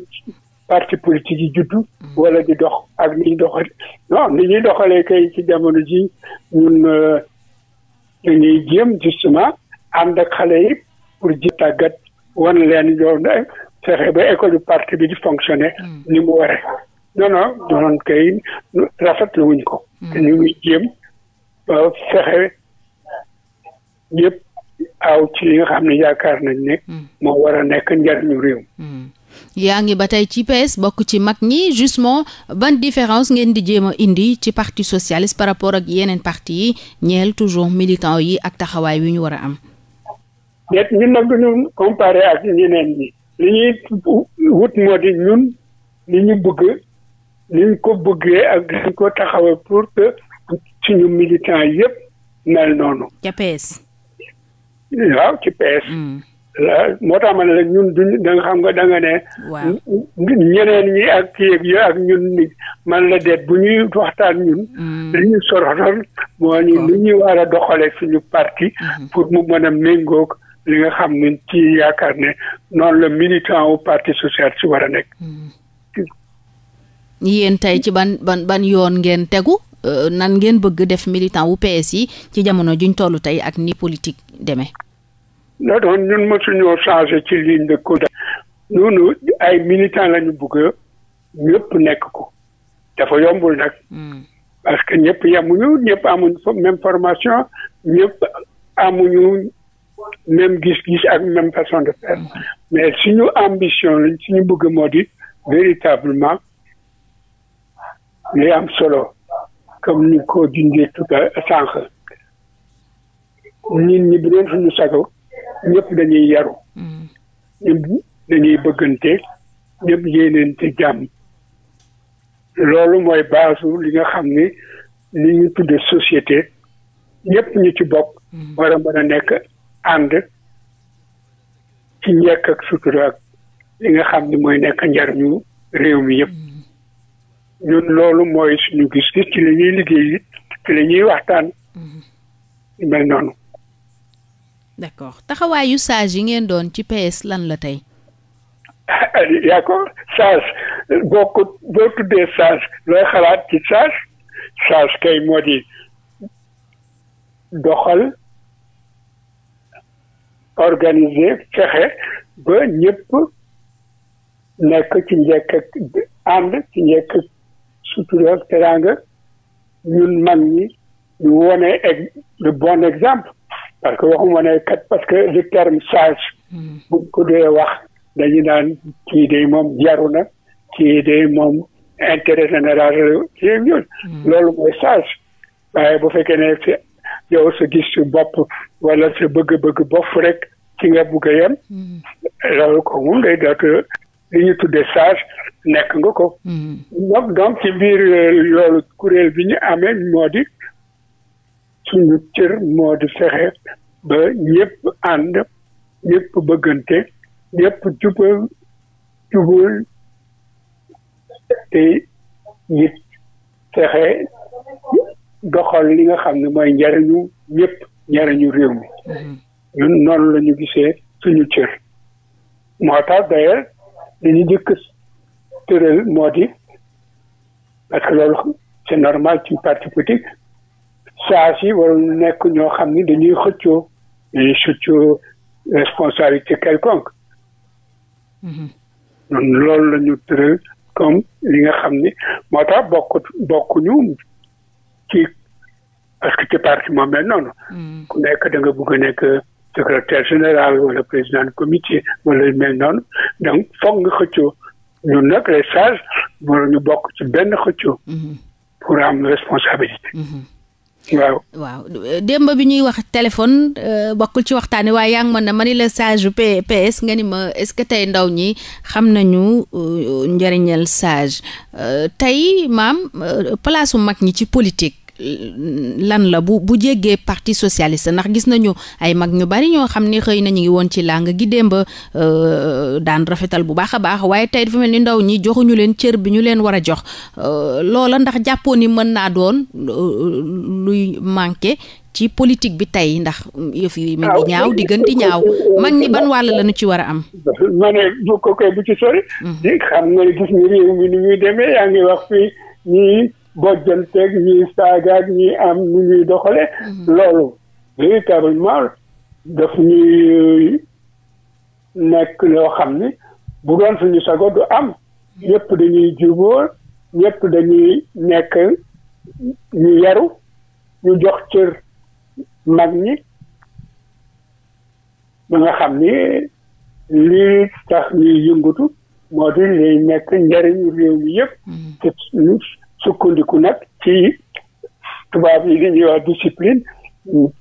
Speaker 2: parti politique yi juddu. wala di dox ak li ñuy doxalee non li ñuy doxalee kay ci jamono ji ñun euh, dañuy jéem justement ànd ak xale yi pour ji tàggat wan leen yoon. fexe ba école parti bi di fonctionner mm. ni mu waree non non doon kay rafetlu wuñ ko mm. te ñu jéem fexe ñëpp aw ci li nga xam ne yaakaar nañ ne mm. moo war a nekk njariñu réew
Speaker 1: yaa ngi ba tey ci PS bokk ci mag ñi justement ban différence ngeen di jéem a indi ci parti socialiste par rapport ak yeneen parti yi ñeel toujours militant yi ak taxawaay wi ñu war a am.
Speaker 2: déet ñun duñu comparé ak ñeneen ñi li ñuy wut moo di ñun li ñu bëgg li ko bëggee ak dañ ko taxawee pour que suñu militant yépp mel noonu. ca PS. waaw ci PS. Mm. moo tax ma ne la ñun duñ da xam nga danga ne. ñeneen yi ak kii yi ak ñun man la deet bu ñuy waxtaan ñun. Mm. li ñu sorotal moo ñu li ñuy war a doxalee suñu parti. Mm-hmm. pour mu mën mingook li nga xam ne ci yaakaar ne noonu la militant au parti social ci war a nekk. Hmm.
Speaker 1: yéen tey ci ban ban ban yoon ngeen tegu euh, nan ngeen bëgg def militant wu PS yi ci jamono juñ toll tey ak ni politique demee.
Speaker 2: non non ñun ci ligne de conduite. ñun ay militant lañu bëgg ñëpp nekk ko dafa yombul nag. Hmm. parce que ñëpp yemuñu ñëpp amuñu même formation ñëpp amuñu même gis-gis ak même façon de faire mais suñu ambition lañ suñu bëgg moo di véritablement li am solo comme ni ko dindee tout à sànq nit ñi bu doon suñu sago ñépp dañuy yaru hmm. ñëpp dañuy bëggante ñëpp yéeneente jàmm loolu mooy baasu li nga xam ni li ñu tudde société ñëpp ñu ci bokk hmm. war a nekk ànd ci njëkk ak sutura li nga xam ni mooy nekk njariñu réew mi yëpp ñun loolu mooy suñu gis-gis ci la liggéey ci la ñuy waxtaan ci mel noonu. d'accord
Speaker 1: taxawaayu sages yi ngeen doon ci PS lan la tey.
Speaker 2: yaa ko sage boo boo tuddee sage looy xalaat ci sage sage kay moo di doxal. organiser fexe ba ñëpp nekk ci njëkk ak ci njëkk ak sutura ñun mag ñu wone le bon exemple parce que waxuma ne kat parce que le terme sage hmm. buñ ko dee wax dañu naan kii day moom jaru na kii moom intérêt général réew hmm. loolu mooy sage waaye bu fekkee ne yow sa gis su bopp wala sa bëgg-bëgg bopp rek ci nga bugg a yem hmm. loolu ko moom day dootu li ñu tuddee sage nekk nga ko hmm. donc ci biir euh, loolu kuréel bi ñu amee moo di suñu cër moo di fexe ba ñëpp ànd ñëpp bëggante ñëpp juba jubul te it fexe doxal li nga xam ne mooy njariñu ñëpp njariñu réew mi mm-hmm. ñun noonu lañu gisee suñu cër moo tax d'ailleurs dañu jëkk tëral moo di parce que loolu c'est normal ci parti politique saa si warul nekk ñoo xam ni dañuy xëccoo dañuy xëccoo responsabilité quelconque mm-hmm. loolu lañu ñu comme li nga xam ni moo tax bokk bokkuñu ci parce que ci parti moom mel noonu. Hmm. ku nekk da nga a nekk secrétaire général wala président de comité wala mel noonu donc foog nga xëccoo ñun nag les sages ñu bokk ci benn xëccoo. Hmm. pour am responsabilité. Hmm. waaw waaw
Speaker 1: démb bi ñuy wax téléphone euh, bokkul ci waxtaanee waaye yaa ngi mën na mani ni la sage PS nga ni ma est-ce que tey ndaw ñi xam nañu euh, njëriñal sage euh, tey maam placeu mag ñi ci politique. lan la bu bu jéggee parti socialiste ndax gis nañu ay mag ñu bari ñoo xam ni xëy na ñu ngi woon ci làng gi démb euh, daan rafetal bu baax a baax waaye tey dafa mel ni ndaw ñi joxuñu leen cër bi ñu leen war a jox euh, loola ndax jàppoo ni mën naa doon euh, luy manqué ci politique bi tey ndax
Speaker 2: yëf yi mi ñaaw di gën ñaaw mag ñi ban wàll lañu ci war a am ma ne bu ko koy bu ci sori mm. di xam nga gis ni réew mi ni muy demee yaa ngi wax fii ñii bojjanteeg ñuy saagaag ñuy am nu ñuy doxale mhm. loolu véritablement daf ñuy nekk loo xam ne bu doon suñu sago du am mhm. ñëpp dañuy juboo ñépp dañuy nekk ñu yaru ñu jox cër mag ñi ba nga xam ni lii tax ñuy yëngatu moo di lay nekk njariñu réew mi yëpp mhm. sukkandiku nag ci tubaab yi li ñuy wax discipline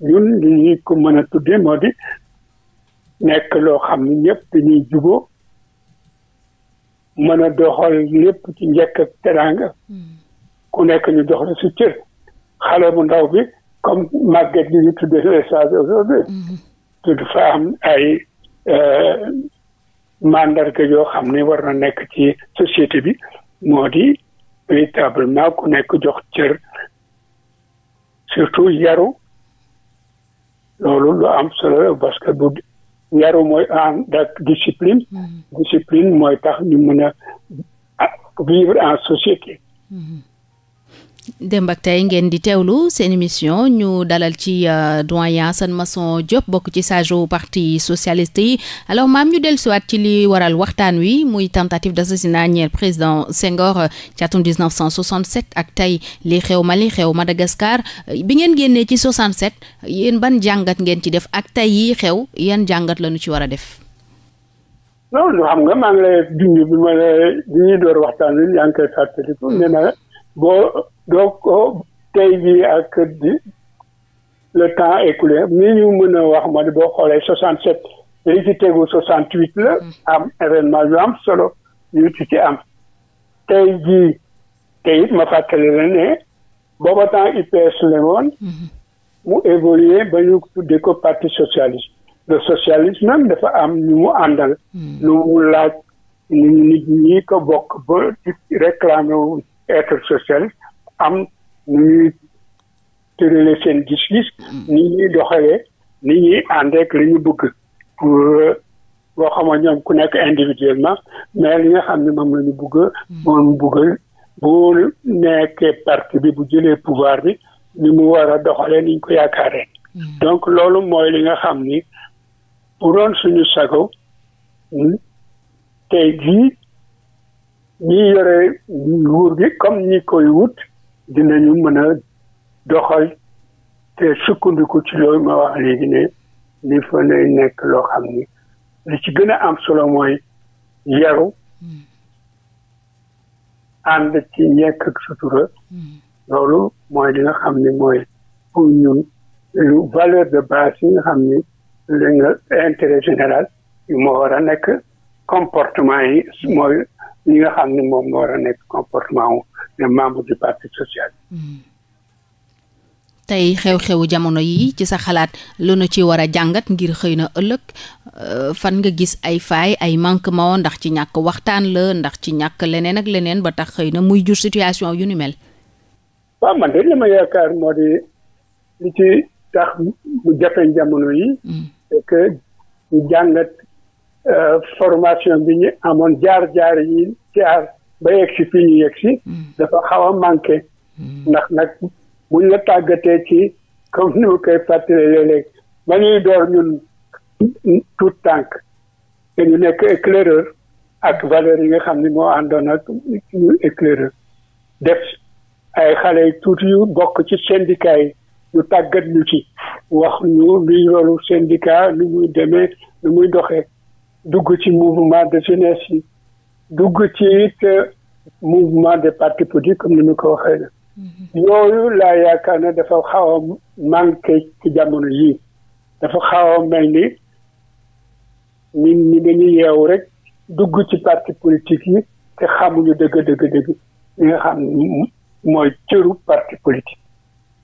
Speaker 2: ñun li ñuy ko mën a tuddee moo di nekk loo xam ne ñëpp dañuy juboo mën a doxal yépp ci njëkk ak hmm. ku nekk ñu jox la su cër xale bu ndaw bi comme màgget yi ñu tuddee les sages aujourd'hui te hmm. am ay euh, mandarga yoo xam ne war na nekk ci société bi moo di véritablement ku nekk jox cër surtout yaru loolu lu am solo parce que bu yaru mooy en ak discipline mhm. discipline mooy tax ñu mën a vivre en société mhm.
Speaker 1: Demb ak Tay ngeen di teewlu seen émission ñu dalal ci euh, doyen Assane Masson Diop bokk ci sage u parti socialiste yi alors maam ñu dellusiwaat ci li waral waxtaan wi muy tentative d'assassinat ñeel président Senghor euh, ci atum 1967 ak tey li xew ma Mali xew Madagascar euh, bi ngeen génnee ci 67 yéen ban jàngat ngeen ci def ak tey yi xew yan jàngat la ci war a def.
Speaker 2: loolu xam nga maa ngi lay bi ma lay bi wi yaa ngi koy fàttaliku boo. donc oh, tey jii ak di le temps écoulé mi ñu mën a wax ma ne boo xoolee soixante sept li ci tegu soixante huit la mm. am événement yu am solo yu ci ci am tey jii te it ma fàttali la ne booba temps UPS la woon mm-hmm. mu évolué ba ñu tuddee ko parti socialiste le socialisme même dafa am ñu mu àndal mm. lu mu laaj nit ñi ko bokk ba di réclamer wu être socialiste am nu ñuy seen gis-gis mm. ni ñuy doxalee ni ñuy ànd ak li ñu bëgg euh, boo xamoon ñoom ku nekk individuellement mais li nga xam ne moom la bugg bëgg mm. moom bëgg bu nekkee parti bi bu jëlee pouvoir bi ni mu war a doxalee ni ñu ko yaakaaree mm. donc loolu mooy li nga xam ni bu doon suñu sago tey gi ñi yore nguur gi comme ñi koy wut dinañu mën a doxal te sukkandiku ci loolu ma wax léegi ni fa lay nekk loo xam ni li ci gën a am solo mooy yaru hmm. ànd ci ñekk ak hmm. loolu mooy li nga xam ni mooy pour ñun lu valeur de base yi nga xam ni li nga intérêt général yu moo war a nekk comportement yi mooy li nga xam ni moom moo war a nekk comportement wu
Speaker 1: tey xew-xewu jamono yi ci sa xalaat lu ci war a jàngat ngir xëy na ëllëg euh, fan nga gis ay faay ay manquement ndax ci ñàkk waxtaan la ndax ci ñàkk leneen ak leneen ba tax xëy na muy jur situation yu ni
Speaker 2: mel. waaw man de li ma yaakaar moo di li ci tax mu jafe jamono yi. Mm. c'est que ñu jàngat euh, formation bi ñu amoon jaar-jaar yi jaar. ba yegg si fii ñu yegg si hmm. dafa xaw a manqué hmm. ndax nag buñ la tàggatee ci comme ni ma koy fàttali léeg-léeg ba ñuy door ñun tout tànk te ñu nekk éclaireur ak valeur yi nga xam ni moo àndoon ak ñu éclaireur def ay xale yu tuuti yu bokk ci syndicat yi ñu tàggat ñu ci wax ñu luy rolu syndicat nu muy demee nu muy doxee dugg ci mouvement de jeunesse yi dugg ci it euh, mouvement des partis politiques comme ni ñu ko waxee mhm. yooyu laa yaakaar ne dafa xaw a manqué ci jamono yii dafa xaw a mel ni mi ñi dañuy yeewu rek dugg ci parti politique yi te xamuñu dëgg dëgg dëgg li nga xam mooy cëru parti politique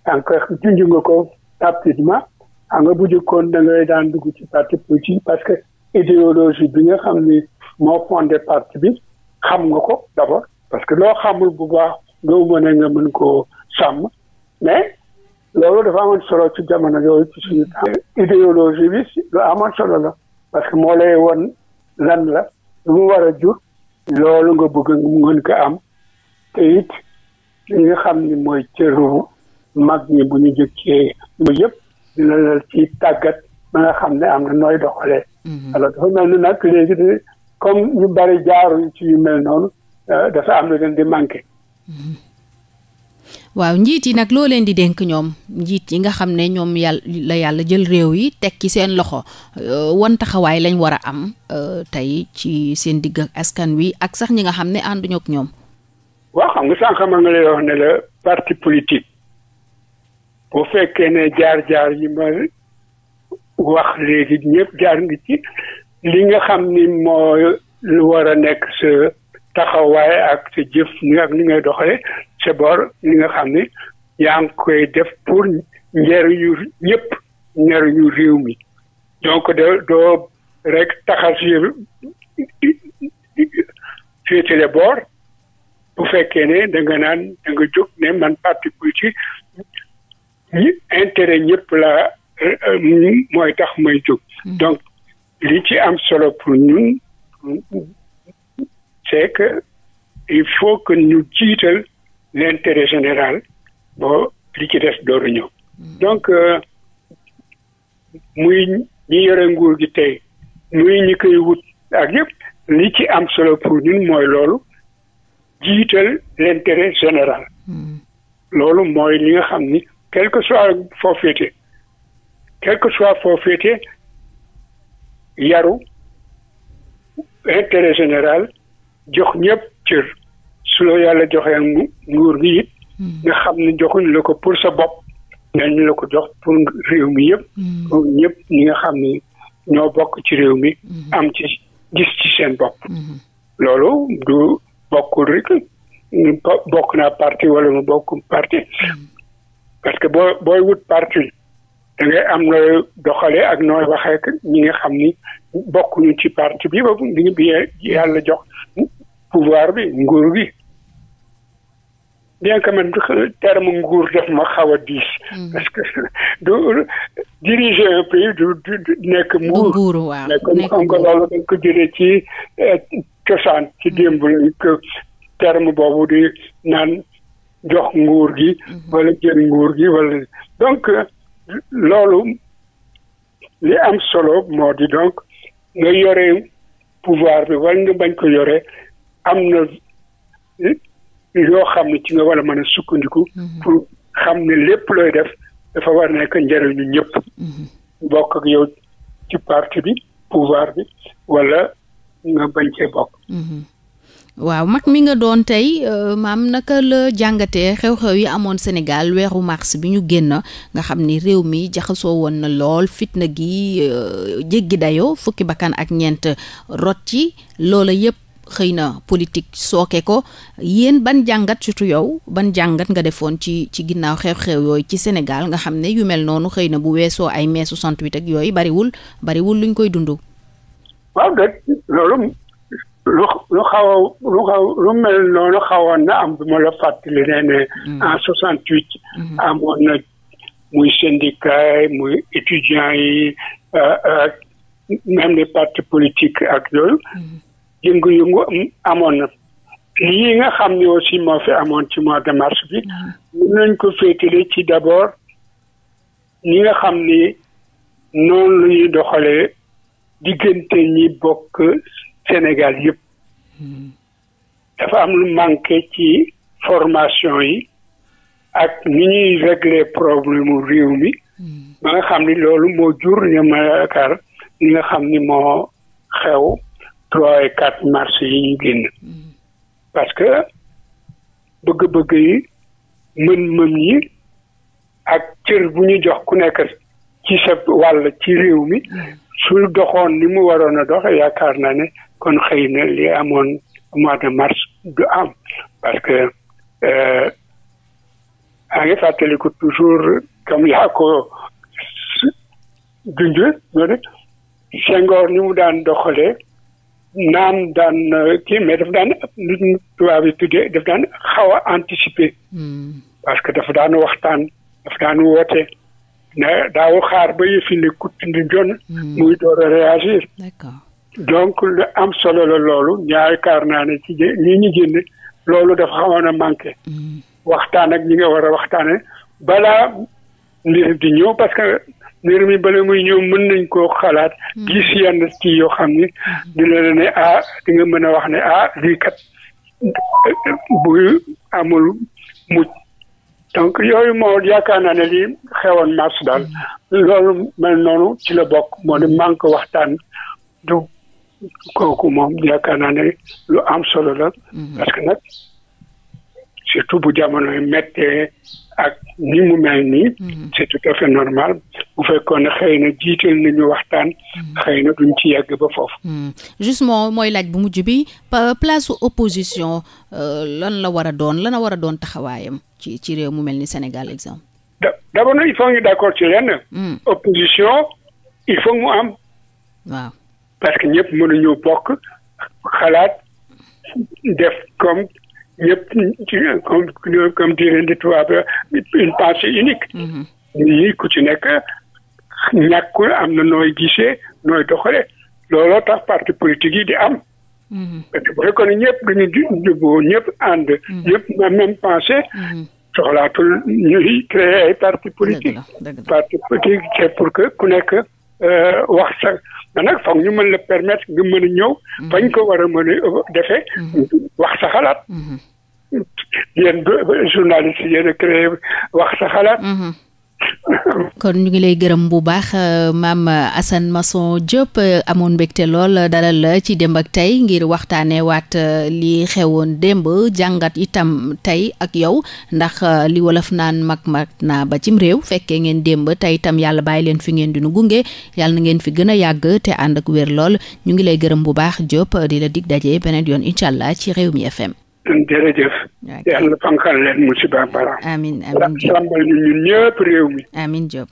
Speaker 2: encore nga ko rapidement xam nga bu jëkkoon da ngay daan dugg ci parti politique parce que idéologie bi nga xam ni moo fondé parti bi xam nga ko d'abord parce que loo xamul bu baax nga mën ne nga mën koo sàmm mais loolu dafa amoon solo ci jamono yooyu ci suñu bi lu amoon solo la parce que moo lay won lan la lu mu war a jur loolu nga bëgg ngeen ko am te it li nga xam ni mooy cëru mag ñi bu ñu jëkkee mu yëpp dina la ci tàggat ba nga xam ne am na nooy doxalee mhm. alors dafa mel ni nag léegi comme ñu bari jaaruñ ci yu mel noonu euh, dafa am lu leen di manqué.
Speaker 1: waaw njiit yi nag loo leen di dénk ñoom njiit yi nga xam ne ñoom yàlla yàlla jël réew yi teg ci seen loxo euh, wantaxawaay lañ war a am euh, tey ci seen digg ak askan wi ak sax ñi nga xam ne ànduñook ñoom.
Speaker 2: waaw xam nga sànq ma nga lay wax ne la parti politique bu fekkee ne jaar jaar yi ma wax léegi ñëpp jaar ngi ci li nga xam ni mooy lu war a nekk sa taxawaay ak sa jëf ak ni ngay doxale sa bor li nga xam ni yaa ngi koy def pour njëriñu ñëpp njëriñu réew mi donc de doo rek taxal si féetale boor bu fekkee ne danga nga naan da nga jóg ne man parti politique ñi intérêt ñëpp la euh, euh, mooy tax may jóg mm-hmm. donc li ci am solo pour ñun c'est que il faut que ñu jiital l'intérêt général boo li ci des dooru ñëw mm. donc euh, muy ñi yore nguur gi tey muy ñi koy wut ak yépp li ci am solo pour ñun mooy loolu jiital l'intérêt général mm. loolu mooy li nga xam ni quelque que soit foo féete quel soit foo féete yaru intérêt général jox ñëpp cër su la yàlla joxee nguur gi it hmm. nga xam ne joxuñ la ko pour sa bopp nañ la ko jox pour réew mi yëpp hmm. ñëpp ñi nga xam ni ñoo bokk ci réew mi hmm. am ci gis ci seen bopp loolu du bokkul rek bokk naa partie wala mu bokk parti parce que boo wut parti da am na doxalee ak nooy waxee ñi nga xam ni bokkuñu ci parti bi ba bi yàlla jox pouvoir bi nguur gi bien que man terme nguur def ma xaw a diis. Hmm. que du diriger un pays du du nekk nguur. nguur waaw nekk mais ci euh, cosaan ci hmm. démb lañ ko terme boobu di naan jox nguur gi. Hmm. wala jël nguur gi wala donc. loolu li am solo moo di donc nga yore pouvoir bi wala nga bañ ko yore am na yoo xam ne ci nga war a mën a sukkandiku. Mhm. pour xam ne lépp looy def dafa war nekk njëriñu ñëpp. Mhm. bokk ak yow ci parti bi pouvoir bi wala nga bañ cee bokk.
Speaker 1: Mhm. waaw mag mi nga doon tey euh, maam naka la jàngate xew-xew yi amoon Sénégal weeru mars bi ñu génn nga xam ni réew mi jaxasoo woon na lool fitna gi euh, jéggi dayoo fukki bakkan ak ñeent rot ci loola yépp xëy na politique sooke ko yéen ban jàngat surtout yow ban jàngat nga defoon ci ci ginnaaw xew-xew yooyu ci Sénégal nga xam ne yu mel noonu xëy na bu weesoo ay mai 68 ak yooyu bariwul bariwul luñ koy dund.
Speaker 2: lu lu xaw lu xaw lu mel noonu xawoon na am bu ma la fàttali ne ne mm. en soixante huit mm-hmm. amoon na muy syndicat yi muy étudiants yi ak euh, euh, même les partis politiques ak yooyu mm-hmm. yëngu amoon na lii nga xam ne aussi moo fi amoon ci mois de mars bi ah. mun nañ ko féetale ci d'abord ñi nga xam ni noonu lu ñuy doxalee diggante ñi bokk Sénégal yëpp dafa am lu manqué ci formation yi ak ni ñuy régler problème mu réew mi ba nga xam ni loolu moo jur ñu ma yaakaar li nga xam ni moo xew trois et quatre mars yi ñu génn parce que bëgg-bëgg yi mën-mën yi ak cër bu ñu jox ku nekk ci sa wàll ci réew mi su doxoon ni mu waroon a dox yaakaar naa ne kon xëy na li amoon mois de mars du am parce que euh, maa ngi fàttaliku toujours comme yaa ko junj loolu Senghor ni mu daan doxalee naam daan kii mais daf daan nit ñu tubaab yi tuddee daan xaw anticiper. Hmm. parce que dafa daan waxtaan dafa daan woote daaw xaar ba yëfi ne kutt jon hmm. muy door a réagir. donc lu am solo la loolu yaakaar naa ne ci lii ñu génn loolu dafa xamoon a manqué mm. waxtaan ak ñi nga war a waxtaane balaa mbir di ñëw parce que mbir mi bala muy ñëw mën nañ koo xalaat mm. gis yenn ci yoo xam ni mm. dina la ne ah di nga mën a wax ne ah lii kat bu amul mucc donc yooyu moo yaakaar naa ne lii xewoon mars daal loolu mel noonu ci la bokk moo di manque waxtaan kooku moom yaakaar naa ne lu am solo la. Mhm. parce que nag surtout bu jamono yu méttee ak ni mu mel nii. Mhm. c'est tout à fait normal bu fekkoon ne xëy na jiital nañu waxtaan. Mhm. xëy na duñ ci yàgg ba foofu.
Speaker 1: justement mooy laaj bu mujj bi pa place opposition euh, lan la war a doon lan la war a doon taxawaayam ci ci réew mu mel ni Sénégal
Speaker 2: exemple. da d'abord il faut ñu d'accord ci lenn. opposition il faut mu am. waaw. parce que ñëpp mënuñu bokk xalaat def comme ñëpp comme comme dirait di tubaab une pensée unique. Mhm. ñi ku ci nekk ñàkkul am na nooy gisee nooy doxale looloo tax parti politique yi di am. Mhm. parce que bu fekkoon ñëpp duñu juboo ñëpp ànd. Mhm. ñëpp na même pensée. soxlaatul ñuy créer ay parti politique. parti politique c'est pour que ku nekk euh, wax sa. mais nag foog ñu mën la permettre nga mën a ñëw. Mhm. fañ ko war a mën euh, defe mhm. wax sa xalaat. Mhm. yéen journaliste yéen a créé wax sa xalaat.
Speaker 1: kon ñu ngi lay gërëm bu baax euh, maam Assane Masson Diop euh, amoon mbégte lool dalal la ci démb ak tey ngir waxtaanee waat euh, li xewoon démb jàngat itam tey ak yow ndax li wolof naan mag mag naa ba cim réew fekkee ngeen démb tey itam yàlla bàyyi leen fi ngeen di nu gunge yàlla na ngeen fi gën a yàgg te ànd ak wér lool ñu ngi lay gërëm bu baax Diop di la dig daje beneen yoon incha allah ci réew mi FM.
Speaker 2: jërëjëf. yàlla fankal leen musiba
Speaker 1: balaa. amiin amiin Diop lambal ñu ñun ñëpp réew mi. amiin Diop.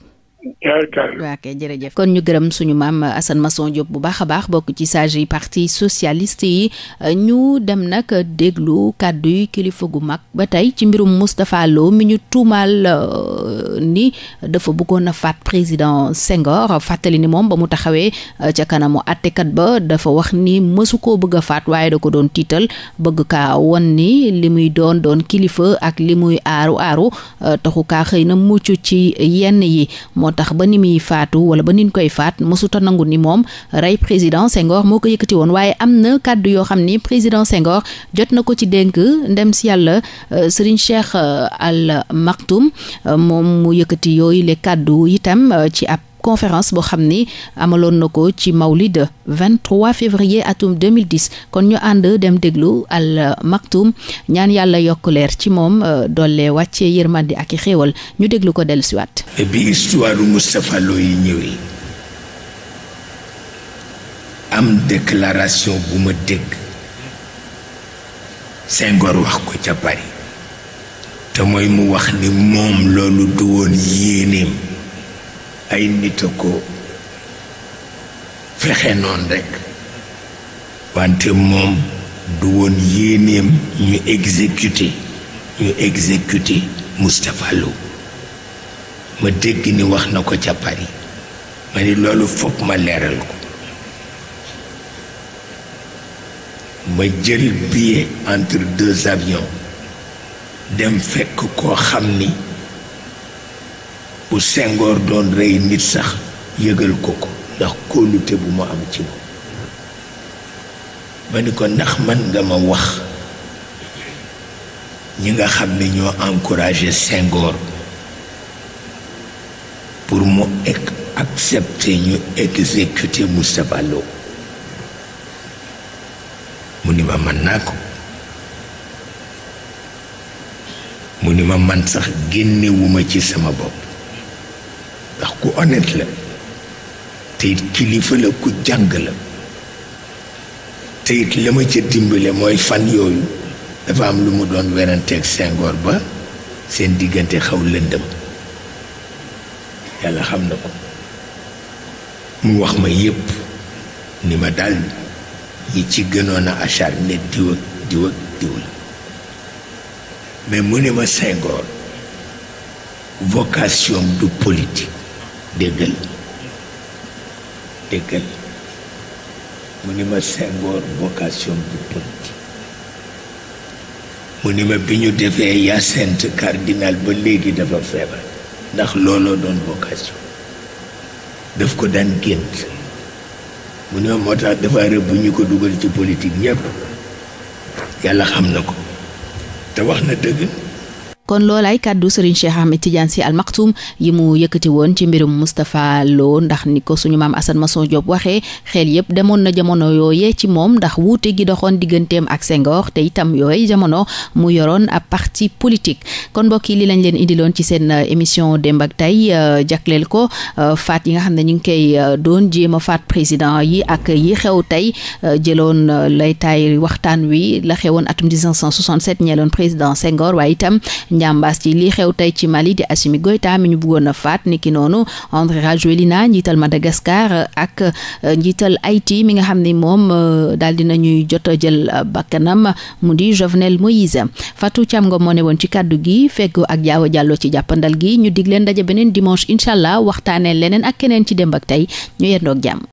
Speaker 1: waak jërëjëf kon ñu gërëm suñu maam Assane mason Diop bu baax a baax bokk ci sage yi parti socialiste yi ñu dem nag déglu kàddu yi kilifa gu mag ba tey ci mbirum Moustapha Lo mi ñu tuumaal euh, ni dafa bëggoon a faat président Senghor fàttali ni moom ba mu taxawee euh, ca kanamu àttekat ba dafa wax ni mësu koo bëgg a faat waaye da ko doon tiital bëgg kaa won ni li muy doon doon kilifa ak li muy aaru aaru euh, taxu kaa xëy na mucc ci yenn yi moo tax ba ni muy faatu wala ba nin koy faat mësuta nangu ni moom rey président Senghor moo ko yëkkati woon waaye am na kàddu yoo xam ni président Senghor jot na ko ci dénk ndem si yàlla euh, Serigne Cheikh euh, Al Maktoum euh, moom mu yëkkati yooyu le kàddu itam ci ab conférence boo xam ni amaloon na ko ci Mawlid 23 février atum 2010 kon ñu ànd dem déglu al maktum ñaan yàlla yokk leer ci moom euh, doole wàcce yërmandi ak i xéewal ñu déglu ko dellu siwaat
Speaker 4: bi histoire Moustapha Lo yi ñëwee am déclaration bu ma dégg Senghor wax ko ca Paris te mooy mu wax ni moom loolu du woon yéeneem ay nit a ko fexe noon rekk wante moom du woon yéeneem ñu exécuté ñu exécuté Moustapha Lo ma dégg ni wax na ko ca Paris ma ni loolu fopp ma leeral ko ma jël billet entre deux avions dem fekk koo xam ni bu sengoor doon rey nit sax yëgal ko ko ndax kóolute bu ma am ci moom ma ni ko ndax man nga ma wax ñi nga xam ne ñoo encouragé sengoor pour mu ek accepter ñu exécuter Moustapha Lo mu ni ma man naa ko mu ni ma man sax génnewuma ci sama bopp ndax ku honnête la te kilifa la ku jàng la te it la ma ca dimbale mooy fan yooyu dafa am lu mu doon weranteeg sengoor ba seen diggante xaw lëndëm yàlla xam na ko mu wax ma yépp ni ma daal yi ci gënoona a acharné diw ak diw ak diw la mais mu ne ma sengoor vocation du politique déggal déggal mu ni ma Senghor vocation bu politique mu ni ma bi ñu defee Hyacinthe cardinal ba léegi dafa feebar ndax looloo doon vocation daf ko daan gént mu ne moo tax dafa rëbb bu ñu ko dugal ci politik ñëpp yàlla xam na ko te wax na dëgg
Speaker 1: kon loolaay kàddu Serigne Cheikh Ahmed Tidiane Sy Al Maktoum yi mu yëkkati woon ci mbirum Moustapha Lo ndax ni ko suñu maam Assane Masson Diop waxee xeel yëpp demoon na jamono yooyee ci moom ndax wuute gi doxoon digganteem ak sengoor te itam yooyu jamono mu yoroon ab parti politique kon mbokk li lañ leen indiloon ci seen euh, émission démb ak tey euh, jagleel ko euh, faat yi nga xam ne ñu ngi koy doon jéem a faat président yi ak yi xew tey jëloon lay taay waxtaan wi la xewoon atum 1967 ñeeloon président Senghor waaye njàmbaas ci li xew tey ci Mali di Assimi Goïta mi ñu bëggoon a faat niki noonu Andry Rajoelina njiital Madagascar ak euh, njiital Haïti mi nga xam ne moom euh, daal na ñuy jot a jël euh, bakkanam mu di Jovenel Moïse Fatou Thiam nga moo ne woon ci kaddu gi feggu ak Diawa jàlloo ci jàppandal gi ñu dig leen daje beneen dimanche incha allah waxtaanee leneen ak keneen ci démb ak tey ñu yendoog jàmm